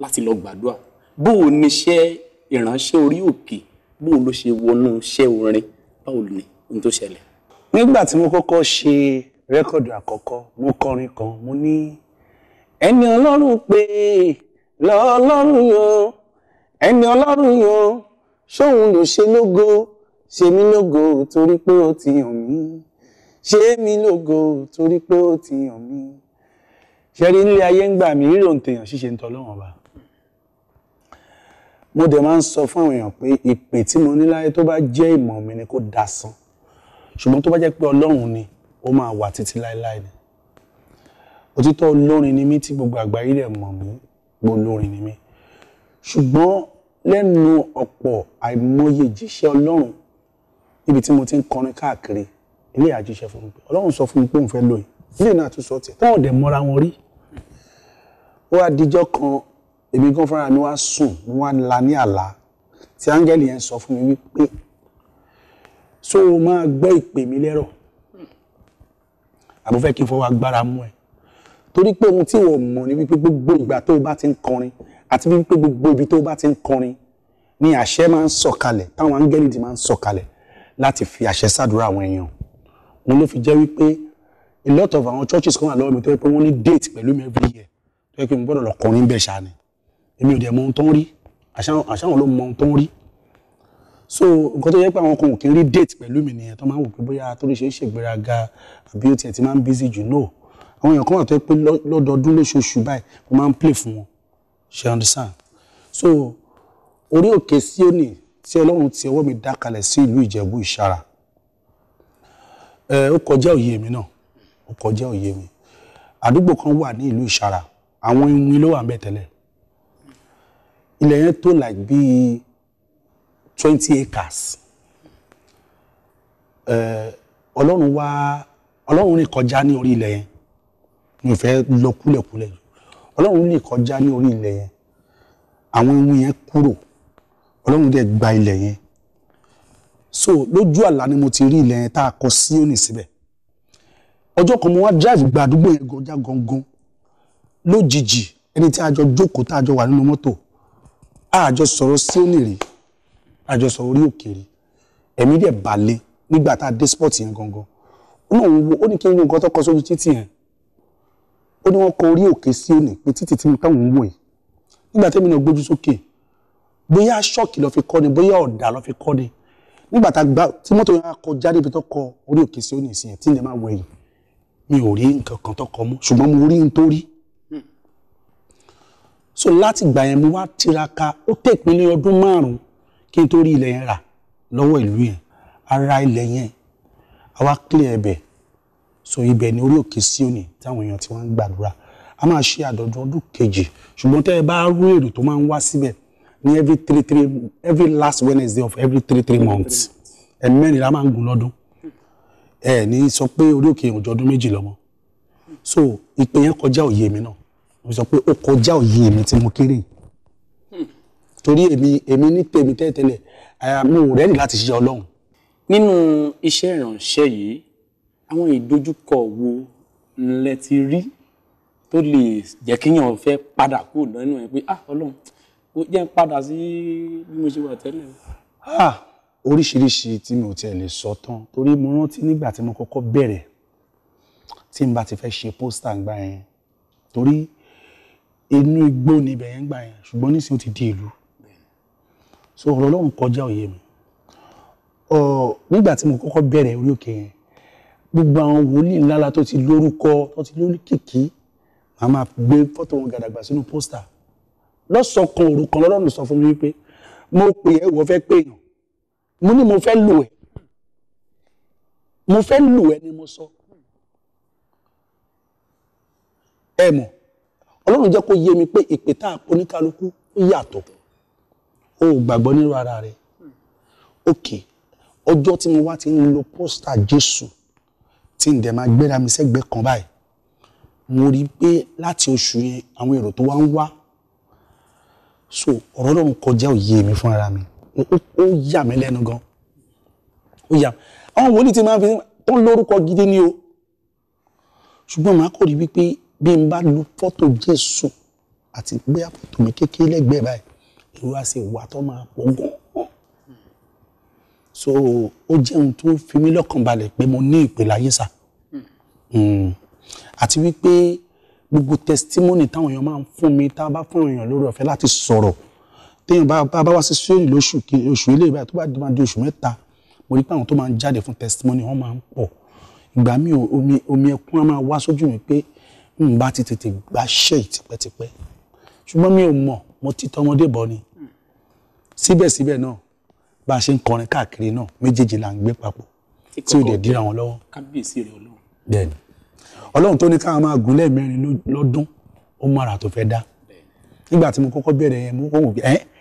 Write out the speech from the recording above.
láti lọ gbàdúrà bó o ní iṣẹ́ ìránṣẹ́ orí òkè bó o ló ṣe wọnú iṣẹ́ orin báwo ni ohun tó ṣẹlẹ̀. nígbà tí mo kọ́kọ́ ṣe rẹ́kọ̀dù àkọ́kọ́ mo kọrin kan mo ní ẹni ọlọ́run pé lọ́ọ́lọ́run yan ẹni ọlọ́run yan ṣóun ló ṣe lógo ṣe mí lógo torí pé ó ti yàn mí ṣe mí lógo torí pé ó ti yàn mí ṣe ilé ayé ń gbà mí rírò ń tèèyàn ṣíṣe ń tọ́ lọ́wọ́n ọba mo dẹ̀ máa ń sọ fún àwọn èèyàn pé ìpè tí mo ní láyé tó bá jẹ́ ìmọ̀ mi ni kó dasán ṣùgbọ́n tó bá jẹ́ pé ọlọ́run ni ó máa wà títí láéláé ni òtítọ́ olórin ni mí tí gbogbo àgbáyé rẹ̀ mọ̀ mí olórin ni mí ṣùgbọ́n lẹ́nu ọ̀pọ̀ àìmọye ìjíṣẹ́ ọlọ́run níbi tí mo ti ń kọrin káàkiri ilé àjíṣẹ́ fún mi pé ọlọ́run sọ fún mi pé òun fẹ́ lóyún ilé náà tún sọ tiẹ̀ táwọn ọ̀dẹ̀ mọ́ra wọn rí ó wá dijọ́ kan èmi gan fúnra mi wá sùn mo wá la ní àlá tí áńgẹ́lì yẹn sọ fún mi wípé so o máa gbọ́ ìpè mi lẹ́rọ̀ àbò fẹ́ kí n fọwọ́ agbára mú ẹ torí pé ohun tí o mọ̀ ni wípé gbogbo ìgbà tó o bá ti ń kọrin àti wípé gbogbo ibi tó o bá ti ń kọrin ni àṣẹ máa ń sọ̀kalẹ̀ táwọn áńgẹ́lì ti máa ń sọ̀kalẹ̀ láti fi àṣẹ sàdúrà àwọn èèyàn wọn ló fi jẹ́ wípé a lot of our churches come wà lọ́wọ́ mi tó yẹ pé wọ́n ní date pẹ̀lú mi every year tó yẹ pé mo gbọ́dọ̀ lọ kọrin bẹ́ẹ̀ ṣáà ni èmi ò dẹ̀ mọ ohun tó ń rí àṣàwọn ló mọ ohun tó ń rí so nǹkan tó yẹ pé àwọn kan ò kí ń rí date pẹ̀lú mi nìyẹn tó máa ń wò pé bóyá tó lè ṣe é ṣègbéraga àbí ó tiẹ̀ ti máa ń busy jù náà àwọn èèyàn kan wà tó yẹ pé lọ́dọọdún lóṣooṣù báyìí mo máa ń play fún wọn ṣe understand so orí òkè Síónì tí Ọlọ́run ti ọwọ́ mi dá kalẹ̀ sí ìlú Ìjẹ̀bú Ìṣàrà ẹ ó kọjá òye mi náà ó kọjá òye mi àdúgbò kan wà ní ìlú Ìṣàrà àwọn iwin ló wà ń bẹ̀ tẹ́lẹ̀ ilẹ̀ yẹn tó like bíi twenty acres ọlọ́run wá ọlọ́run rìn kọjá ní orí ilẹ̀ yẹn mi ò fẹ́ lọ kúlẹ̀kúlẹ̀ ọlọ́run rìn kọjá ní orí ilẹ̀ yẹn àwọn ewu yẹn kúrò ọlọ́run dẹ̀ gba ilẹ̀ yẹn so lójú àlá ni mo ti rí ilẹ̀ yẹn tá a kọ sí òní síbẹ̀ ọjọ́ kan mo wá drive gba àdúgbò yẹn gọjá gangan lójijì ẹni tí a jọ jókòó tá a jọ wà nínú mọ́tò àjọ sọ̀rọ̀ sílè rí àjọ sọ̀rọ̀ orí òkèèrè ẹ̀mí dẹ̀ balẹ̀ nígbà tá a dé sport yẹn gangan ó náà wo ó ní kí n wo nǹkan tó kọ sójú títì yẹn ó ní wọ́n kọ orí òkè sí òní pé títì tí mo táwọn ń wò yìí nígbà tẹ́mi náà gbójú sókè bóyá ṣọ́ọ̀kì lọ fi kọ́ ni bóyá ọ̀dà lọ fi kọ́ ni nígbà tá a gbá tí mọ́tò yẹn kọ jáde ibi tó kọ orí òkè sí òní sí yẹn tí n lè máa wẹ̀yìn mi ò rí nǹkan kan tó kọ mọ́ ṣùgbọ́n mo rí n tó rí so láti gbà yẹn mo wá tiraka ó take mi ní ọdún márùn-ún kí n tó rí ilẹ̀ yẹn rà lọ́wọ́ ìlú yẹn ara ilẹ̀ yẹn àwa clear ẹbẹ̀ so ibẹ̀ ni orí òkè Síónì táwọn èèyàn ti wá ń gbàdúrà a máa ṣe àdọ̀dún ọdún kejì ṣùgbọ́n tẹ́ ẹ bá rú èrò tó máa ń wá síbẹ̀ ní every three three every last Wednesday of every three three months ẹ̀mẹ́rin la máa ń gùn lọ́dún ẹ ní sọ pé orí òkè ọjọ́ ọdún méjì lọ́mọ so ìpè yẹn kọjá òye mi náà mo sọ pé ó kọjá òye èmi tí mo kéré torí èmi èmi ní tèmi tẹ́tẹ́lẹ̀ mo rẹ́ni láti ṣiṣẹ́ ọlọ́run. nínú iṣẹ́ ìrànṣẹ́ yìí àwọn ìdojúkọ wo lẹ ti rí tó lè jẹ́ kéèyàn fẹ́ padà kúrò lọ́nà ẹ̀ pé ah ọlọ́run ó jẹ́ ń padà sí bí mo ṣe wà tẹ́lẹ̀. oríṣiríṣi tí mi ò tiẹ̀ lè sọ tán torí mo rántí nígbà tí mo kọ́kọ́ bẹ̀rẹ̀ tí n bá ti fẹ́ ṣe pósítà gbà yẹn torí inú igbó ni ibẹ̀ yẹn ń gbà yẹn ṣùgbọ́n nísìnyí ó ti di ìlú so ọ̀rọ̀ ọlọ́run kọjá òye mi nígbà tí mo kọ́kọ́ bẹ̀rẹ̀ orí òkè yẹn gbogbo àwọn wòlíì ńláńlá tó ti lórúkọ tó ti lórí kìkì màá máa gbé fọ́tò wọn gàdàgbà sínú pósítà lọ́sọ̀kan òru kan lọ́lọ́run sọ fún mi wípé mo pè é wọ́n fẹ́ pè yàn mo ní mo fẹ́ lù ẹ́ mo fẹ́ lù ẹ́ ni mo sọ ẹ mọ̀ ọlọ́run jẹ́ kó yé mi pé ìpè tá a oníkálukú ó yàtọ̀ o ò gbàgbọ́ nínú ara rẹ ok ọjọ́ tí mo wá ti ń lo pósítà jésù tí n dẹ̀ máa gbéra mi sẹ́gbẹ́ kan báyìí mo rí i pé láti oṣù yẹn àwọn èrò tó wá ń wá so ọ̀rọ̀ ọlọ́run kọjá òye mi fún ara mi ó yà mí lẹ́nu gan ó yà àwọn wòlíì tí máa fi tó ń lórúkọ gidi ni o ṣùgbọ́n màá kò rí wípé bí n bá lu fọ́tò Jésù àti gbé àpòtò mi kékeré lẹ́gbẹ̀ẹ́ báyìí irú àṣẹ ìwà tó máa pọ̀ gan so ó jẹ́ ohun tó fi mí lọ́kàn balẹ̀ pé mo ní ìpèláyé sá hmm. àti wípé gbogbo testimony táwọn èèyàn máa ń fún mi tá a bá fún èèyàn lórí ọ̀fẹ́ láti sọ̀rọ̀ téèyàn bá bá wá sí sóyè lóṣù oṣù ilé ìbáyà tó bá máa di oṣù mẹ́ta mo rí pé àwọn tó máa ń jáde fún testimony wọ́n máa ń pọ̀ ìgbà mi omi ẹkún á máa wá sójú mi pé n bá ti tètè gbàṣẹ́ yìí tipẹ́tipẹ́ ṣùgbọ́n mi ò mọ̀ mo ti tọmọdé bọ̀ ni síbẹ̀síbẹ̀ náà bá a ṣe ń kọrin káàkiri náà méjèèjì là ń gbé papọ̀ tí ò dẹ̀ dira wọn lọ́wọ́. kábíyèsí rẹ ọlọ́run. bẹ́ẹ̀ni ọlọ́run tó ní káwọn máa gùn lẹ́ẹ̀mẹ́rin lọ́dún ó mara tó fẹ́ dá nígbà tí mo kọ́kọ́ bẹ̀rẹ̀ yẹn mo kọ́ wò ẹ́